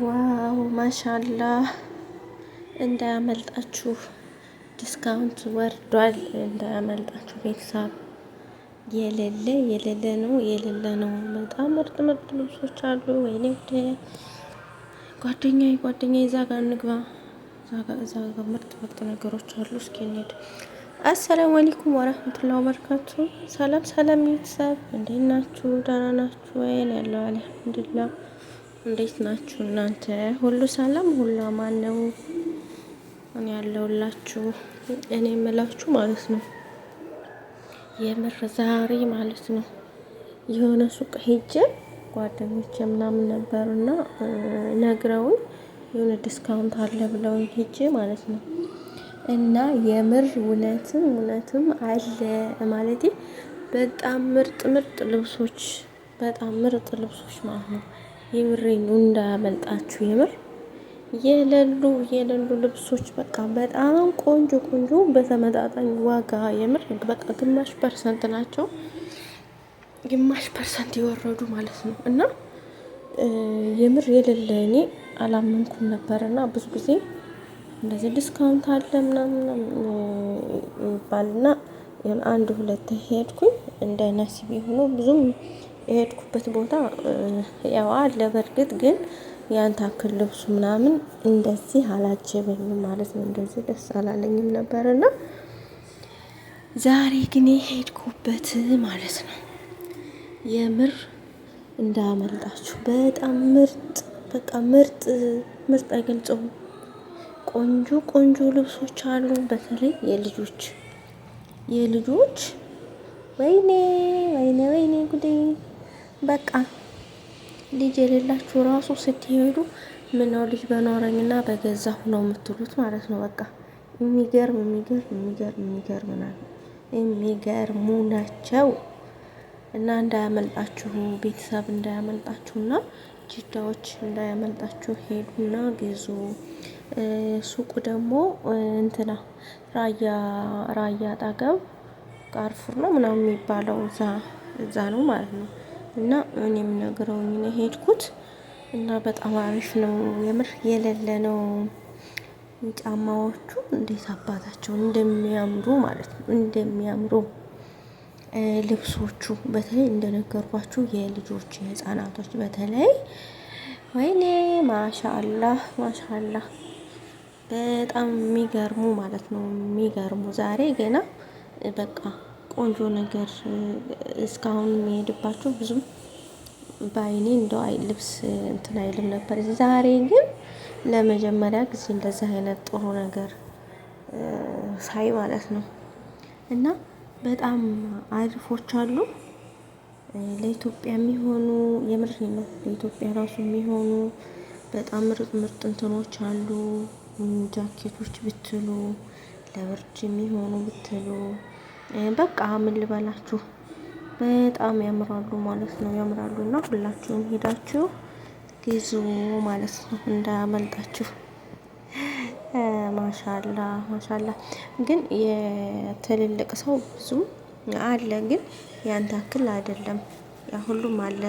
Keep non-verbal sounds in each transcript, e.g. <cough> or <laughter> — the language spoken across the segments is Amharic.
ዋው ማሻላህ እንዳያመልጣችሁ፣ ዲስካውንት ወርዷል። እንዳያመልጣችሁ ቤተሰብ የሌለ የሌለ ነው የሌለ ነው። በጣም ምርጥ ምርጥ ልብሶች አሉ። ወይኔ ወደ ጓደኛ ጓደኛ እዛ ጋር እንግባ። እዛ ጋር ምርጥ ምርጥ ነገሮች አሉ። እስኪ እንሂድ። አሰላሙ አለይኩም ወረህመቱላሂ ወበረካቱ። ሰላም ሰላም ቤተሰብ እንዴት ናችሁ? ደህና ናችሁ ወይን? ያለው አልሐምዱሊላህ እንዴት ናችሁ እናንተ? ሁሉ ሰላም፣ ሁሉ አማን ነው? እኔ ያለውላችሁ እኔ የምላችሁ ማለት ነው የምር ዛሬ ማለት ነው የሆነ ሱቅ ሄጄ ጓደኞቼ ምናምን ነበሩና ነግረውን የሆነ ዲስካውንት አለ ብለው ሄጄ ማለት ነው እና የምር እውነትም እውነትም አለ ማለት በጣም ምርጥ ምርጥ ልብሶች በጣም ምርጥ ልብሶች ማለት ነው የምሬን እንዳያመልጣችሁ። የምር የለሉ የለሉ ልብሶች በቃ በጣም ቆንጆ ቆንጆ በተመጣጣኝ ዋጋ የምር በቃ ግማሽ ፐርሰንት ናቸው፣ ግማሽ ፐርሰንት የወረዱ ማለት ነው። እና የምር የሌለ እኔ አላመንኩም ነበር። እና ብዙ ጊዜ እንደዚህ ዲስካውንት አለ ምናምን ይባልና አንድ ሁለት ሄድኩኝ እንደ ነሲብ የሆነው ብዙም የሄድኩበት ቦታ ያው አለ በእርግጥ ግን ያን ታክል ልብሱ ምናምን እንደዚህ አላጀበኝም ማለት ነው። እንደዚህ ደስ አላለኝም ነበር እና ዛሬ ግን የሄድኩበት ማለት ነው የምር እንዳመልጣችሁ በጣም ምርጥ በቃ ምርጥ ምርጥ አይገልጸውም። ቆንጆ ቆንጆ ልብሶች አሉ። በተለይ የልጆች የልጆች ወይኔ ወይኔ ወይኔ ጉዴ በቃ ልጅ የሌላችሁ ራሱ ስትሄዱ ምነው ልጅ በኖረኝና በገዛሁ ነው የምትሉት ማለት ነው። በቃ የሚገርም የሚገርም የሚገርም የሚገርም የሚገርሙ ናቸው። እና እንዳያመልጣችሁ ቤተሰብ እንዳያመልጣችሁና ጅዳዎች እንዳያመልጣችሁ ሄዱና ግዙ። ሱቁ ደግሞ እንትና ራያ ራያ አጠገብ ቃርፉር ነው ምናምን የሚባለው እዛ ነው ማለት ነው። እና እኔ የምናገረውኝ ምን ሄድኩት እና በጣም አሪፍ ነው የምር የሌለ ነው። ጫማዎቹ እንዴት አባታቸው እንደሚያምሩ ማለት ነው እንደሚያምሩ ልብሶቹ በተለይ እንደነገርኳችሁ የልጆች የህፃናቶች በተለይ ወይኔ ማሻአላህ ማሻአላህ በጣም የሚገርሙ ማለት ነው የሚገርሙ ዛሬ ገና በቃ ቆንጆ ነገር እስካሁን የሚሄድባቸው ብዙም በአይኔ እንደው አይ ልብስ እንትን አይልም ነበር። ዛሬ ግን ለመጀመሪያ ጊዜ እንደዚህ አይነት ጥሩ ነገር ሳይ ማለት ነው። እና በጣም አሪፎች አሉ ለኢትዮጵያ የሚሆኑ የምር ነው። ለኢትዮጵያ ራሱ የሚሆኑ በጣም ምርጥ ምርጥ እንትኖች አሉ። ጃኬቶች ብትሉ ለብርድ የሚሆኑ ብትሉ በቃ ምን ልበላችሁ በጣም ያምራሉ ማለት ነው። ያምራሉ እና ሁላችሁም ሄዳችሁ ግዙ ማለት ነው እንዳመልጣችሁ ማሻላ ማሻላ። ግን የትልልቅ ሰው ብዙ አለ፣ ግን ያንተ አክል አይደለም። ያ ሁሉም አለ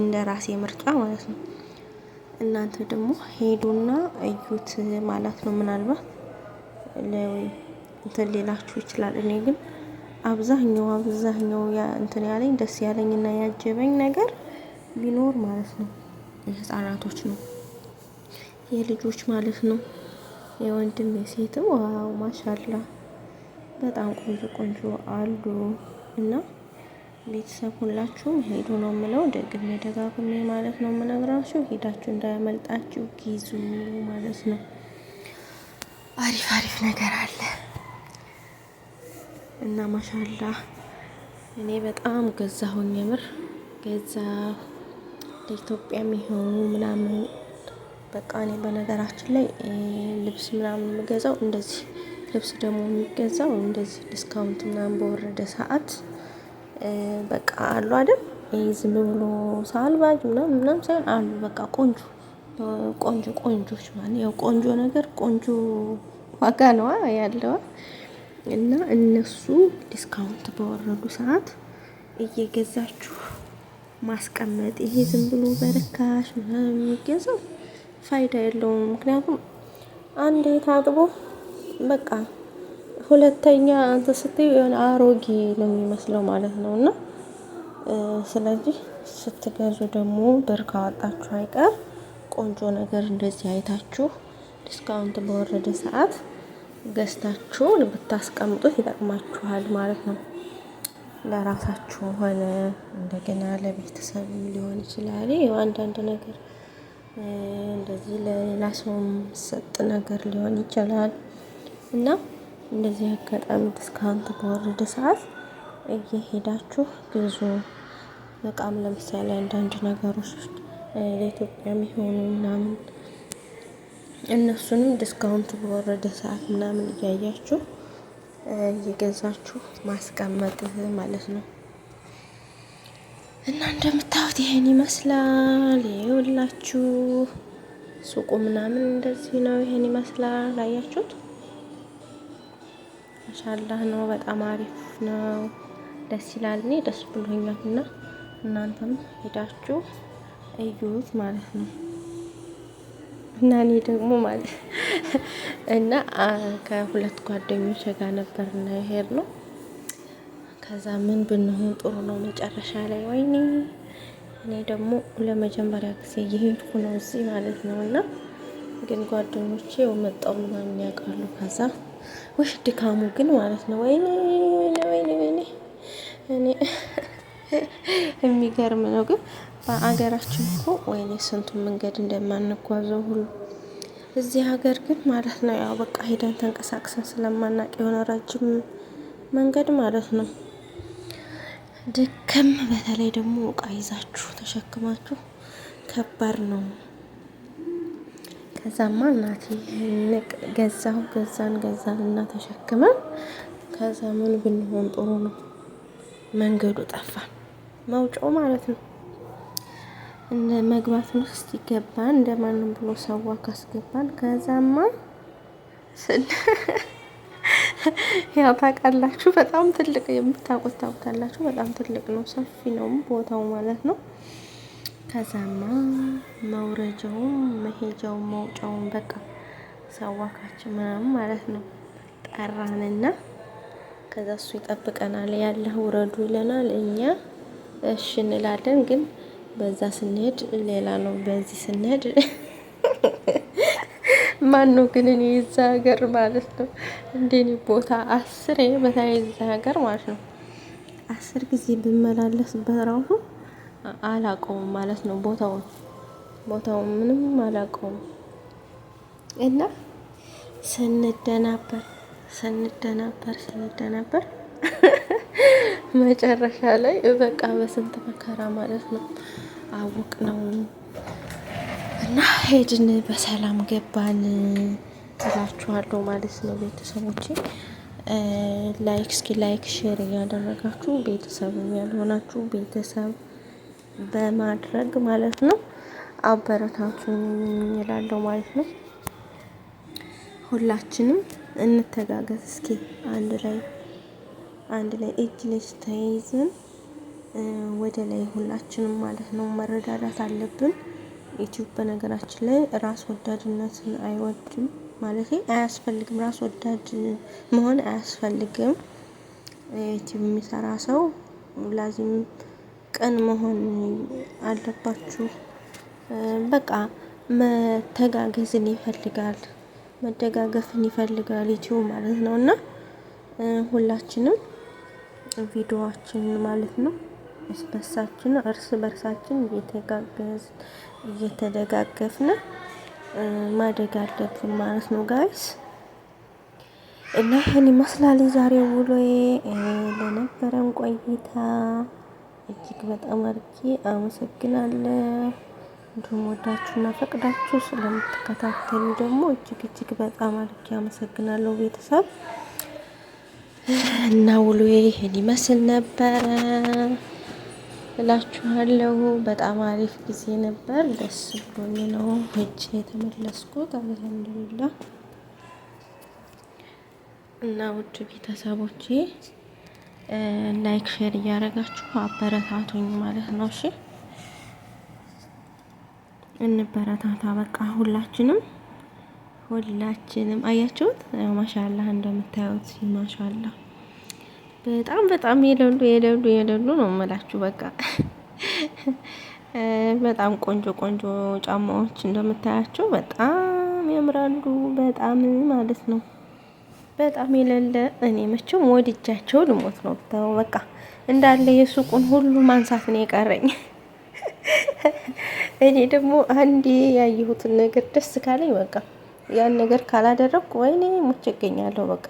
እንደ ራሴ ምርጫ ማለት ነው። እናንተ ደግሞ ሄዱና እዩት ማለት ነው። ምናልባት እንትን ሌላችሁ ይችላል። እኔ ግን አብዛኛው አብዛኛው እንትን ያለኝ ደስ ያለኝና ያጀበኝ ነገር ቢኖር ማለት ነው የህፃናቶች ነው የልጆች ማለት ነው የወንድም የሴትም ዋው ማሻላ በጣም ቆንጆ ቆንጆ አሉ እና ቤተሰብ ሁላችሁም ሄዱ ነው የምለው። ደግሜ ደጋግሜ ማለት ነው የምነግራችሁ ሄዳችሁ እንዳያመልጣችሁ ጊዙ ማለት ነው። አሪፍ አሪፍ ነገር አለ። እና ማሻላ እኔ በጣም ገዛሁኝ። የምር ገዛ ለኢትዮጵያ የሚሆኑ ምናምን በቃ እኔ በነገራችን ላይ ልብስ ምናምን የምገዛው እንደዚህ ልብስ ደግሞ የሚገዛው እንደዚህ ዲስካውንት ምናምን በወረደ ሰዓት በቃ አሉ አይደል ዝም ብሎ ሳልባጅ ምናምን ምናምን ሳይሆን አሉ በቃ ቆንጆ ቆንጆ ቆንጆች ማለት ያው ቆንጆ ነገር ቆንጆ ዋጋ ነዋ ያለዋ እና እነሱ ዲስካውንት በወረዱ ሰዓት እየገዛችሁ ማስቀመጥ። ይሄ ዝም ብሎ በርካሽ የሚገዛው ፋይዳ የለውም። ምክንያቱም አንዴ ታጥቦ በቃ ሁለተኛ አንተ ስትይ የሆነ አሮጌ ነው የሚመስለው ማለት ነው። እና ስለዚህ ስትገዙ ደግሞ ብር ካወጣችሁ አይቀር ቆንጆ ነገር እንደዚህ አይታችሁ ዲስካውንት በወረደ ሰዓት ገዝታችሁ ብታስቀምጡት ይጠቅማችኋል ማለት ነው። ለራሳችሁ ሆነ እንደገና ለቤተሰብ ሊሆን ይችላል። አንዳንድ ነገር እንደዚህ ለሌላ ሰው ሰጥ ነገር ሊሆን ይችላል እና እንደዚህ አጋጣሚ ዲስካውንት በወረደ ሰዓት እየሄዳችሁ ግዙ። በቃም ለምሳሌ አንዳንድ ነገሮች ለኢትዮጵያ የሚሆኑ ምናምን እነሱንም ዲስካውንቱ በወረደ ሰዓት ምናምን እያያችሁ እየገዛችሁ ማስቀመጥ ማለት ነው። እና እንደምታዩት ይሄን ይመስላል። ይኸውላችሁ ሱቁ ምናምን እንደዚህ ነው። ይሄን ይመስላል። አያችሁት? ማሻላህ ነው። በጣም አሪፍ ነው። ደስ ይላል። እኔ ደስ ብሎኛል እና እናንተም ሄዳችሁ እዩት ማለት ነው። እና እኔ ደግሞ ማለት እና ከሁለት ጓደኞች ጋ ነበር ና ሄድ ነው። ከዛ ምን ብንሆን ጥሩ ነው መጨረሻ ላይ ወይኔ እኔ ደግሞ ለመጀመሪያ ጊዜ እየሄድኩ ነው እዚህ ማለት ነው። እና ግን ጓደኞቼ ያው ምናምን ያውቃሉ። ከዛ ውሽ ድካሙ ግን ማለት ነው ወይኔ ወይኔ ወይኔ ወይኔ እኔ <laughs> የሚገርም ነው ግን በአገራችን እኮ ወይኔ ስንቱን መንገድ እንደማንጓዘው ሁሉ እዚህ ሀገር ግን ማለት ነው ያው በቃ ሄደን ተንቀሳቅሰን ስለማናቅ የሆነ ረጅም መንገድ ማለት ነው ድክም። በተለይ ደግሞ እቃ ይዛችሁ ተሸክማችሁ ከባድ ነው። ከዛማ እናቴ ንቅ ገዛሁ ገዛን ገዛን እና ተሸክመን ከዛ ምን ብንሆን ጥሩ ነው መንገዱ ጠፋ መውጫው ማለት ነው። እንደ መግባት ውስጥ ይገባን ማንም ብሎ ሰዋ ካስገባን ከዛማ <laughs> ያው ታውቃላችሁ፣ በጣም ትልቅ የምታውቁት ታውቃላችሁ፣ በጣም ትልቅ ነው፣ ሰፊ ነው ቦታው ማለት ነው። ከዛማ መውረጃውም መሄጃው መውጫውን በቃ ሰዋካችን ምናምን ማለት ነው። ጠራንና ከዛ እሱ ይጠብቀናል። ያለ ውረዱ ይለናል፣ እኛ እሺ እንላለን ግን በዛ ስንሄድ ሌላ ነው፣ በዚህ ስንሄድ <laughs> ማን ነው ግን? እኔ የዛ ሀገር ማለት ነው እንደኔ ቦታ አስር በተለይ የዛ ሀገር ማለት ነው አስር ጊዜ ብመላለስ በራሱ አላቀውም ማለት ነው ቦታውን ቦታውን ምንም አላቀውም። እና ስንደናበር ስንደናበር ስንደናበር <laughs> መጨረሻ ላይ በቃ በስንት መከራ ማለት ነው አውቅ ነው እና ሄድን በሰላም ገባን እላችኋለሁ ማለት ነው ቤተሰቦች ላይክ እስኪ ላይክ ሼር እያደረጋችሁ ቤተሰብ ያልሆናችሁ ቤተሰብ በማድረግ ማለት ነው አበረታቱን እላለሁ ማለት ነው። ሁላችንም እንተጋገዝ እስኪ አንድ ላይ አንድ ላይ እጅ ለእጅ ተያይዘን ወደ ላይ ሁላችንም ማለት ነው መረዳዳት አለብን። ዩቲዩብ በነገራችን ላይ ራስ ወዳድነትን አይወድም ማለት አያስፈልግም። ራስ ወዳድ መሆን አያስፈልግም። ዩቲዩብ የሚሰራ ሰው ላዚም ቀን መሆን አለባችሁ። በቃ መተጋገዝን ይፈልጋል፣ መደጋገፍን ይፈልጋል ዩቲዩብ ማለት ነው እና ሁላችንም ቪዲዮዎችን ማለት ነው በሳችን እርስ በርሳችን እየተጋገዝ እየተደጋገፍን ማደግ አለብን ማለት ነው ጋይስ። እና ይህን ይመስላል ዛሬ ውሎዬ። ለነበረን ቆይታ እጅግ በጣም አድርጌ አመሰግናለሁ። እንዲሁም ወዳችሁና ፈቅዳችሁ ስለምትከታተሉ ደግሞ እጅግ እጅግ በጣም አድርጌ አመሰግናለሁ ቤተሰብ እና ውሎዬ ይህን ይመስል ነበረ። እላችኋለሁ። በጣም አሪፍ ጊዜ ነበር። ደስ ብሎኝ ነው ሄጄ የተመለስኩት አልሐምዱሊላ። እና ውድ ቤተሰቦቼ ላይክ፣ ሼር እያደረጋችሁ አበረታቱኝ ማለት ነው። እሺ እንበረታታ በቃ ሁላችንም ሁላችንም አያችሁት፣ ማሻላህ እንደምታዩት ማሻላህ በጣም በጣም የለሉ የለሉ የለሉ ነው የምላችሁ። በቃ በጣም ቆንጆ ቆንጆ ጫማዎች እንደምታያቸው በጣም ያምራሉ። በጣም ማለት ነው በጣም የሌለ እኔ መቼም ወድጃቸው ልሞት ነው። ብታው በቃ እንዳለ የሱቁን ሁሉ ማንሳት ነው የቀረኝ። እኔ ደግሞ አንዴ ያየሁትን ነገር ደስ ካለኝ በቃ ያን ነገር ካላደረግኩ ወይኔ ሞቼ እገኛለሁ በቃ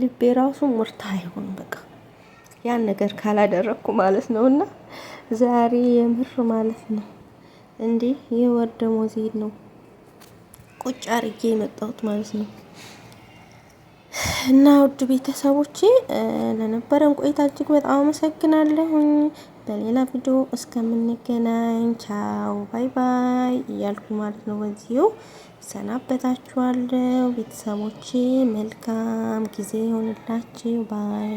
ልቤ ራሱ ሙርታ አይሆን በቃ ያን ነገር ካላደረግኩ ማለት ነው። እና ዛሬ የምር ማለት ነው እንዴ የወር ደሞዜ ነው ቁጭ አርጌ የመጣሁት ማለት ነው። እና ውድ ቤተሰቦቼ ለነበረን ቆይታ እጅግ በጣም አመሰግናለሁኝ። በሌላ ቪዲዮ እስከምንገናኝ ቻው ባይ ባይ እያልኩ ማለት ነው በዚሁ ሰናበታችኋለሁ ቤተሰቦቼ። መልካም ጊዜ ይሆንላችሁ። ባይ